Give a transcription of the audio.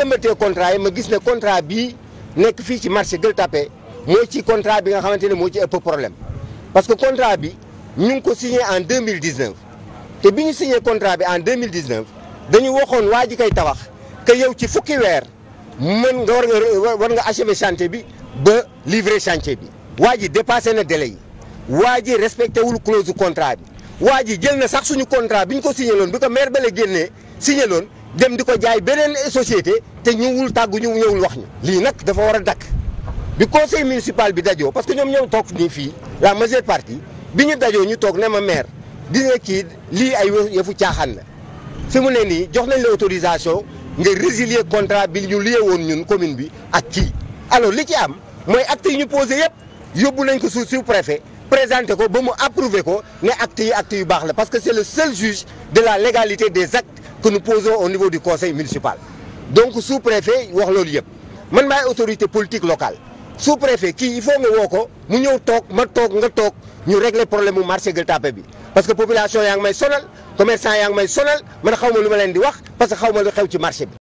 lëmbatee contrat yi ma gis ne contrat bi nekk fii ci marché Gueule Tapée mooy ci contrat bi nga xamante ne moo ci ëpp problème parce que contrat bi ñu ngi ko signé en 2019 te bi ñu signé contrat bi en 2019 dañu waxoon waa ji koy tabax que yow ci fukki weer mën nga war nga war nga achever chantier bi ba livrer chantier bi waa ji dépassé na délai yi waa ji respecté wul clause contrat bi waa ji jël na sax suñu contrat bi ñu ko signé loon bi ko maire bale génnee signé loon dem di ko jaay beneen société te ñu wul tàggu ñu ñëwul wax ñu. lii nag dafa war a dakk bi conseil municipal bi dajoo parce que ñoom ñoom toog nii fii la majeure partie bi ñu dajoo ñu toog ne ma maire di kii lii ay yëfu caaxaan la si mu ne nii jox nañ la autorisation nga résilier contrat bi ñu lié woon ñun commune bi ak kii. alors li ci am mooy acte ñu pose yëpp yóbbu nañ ko sous sous préfet présenté ko ba mu approuvé ko ne acte yi acte yu baax la parce que c'est le seul juge de la des actes que nous au niveau du conseil municipal. donc sous-préfet wax loolu yëpp man maay autorité politique local sous-préfet kii il faut nga woo ko mu ñëw toog ma toog nga toog ñu régler problème mu marché Gueule Tapée bi parce que population yaa ngi may sonal commerçant yaa ngi may sonal man xaw ma lu ma leen di wax parce que xaw ma lu xew ci marché bi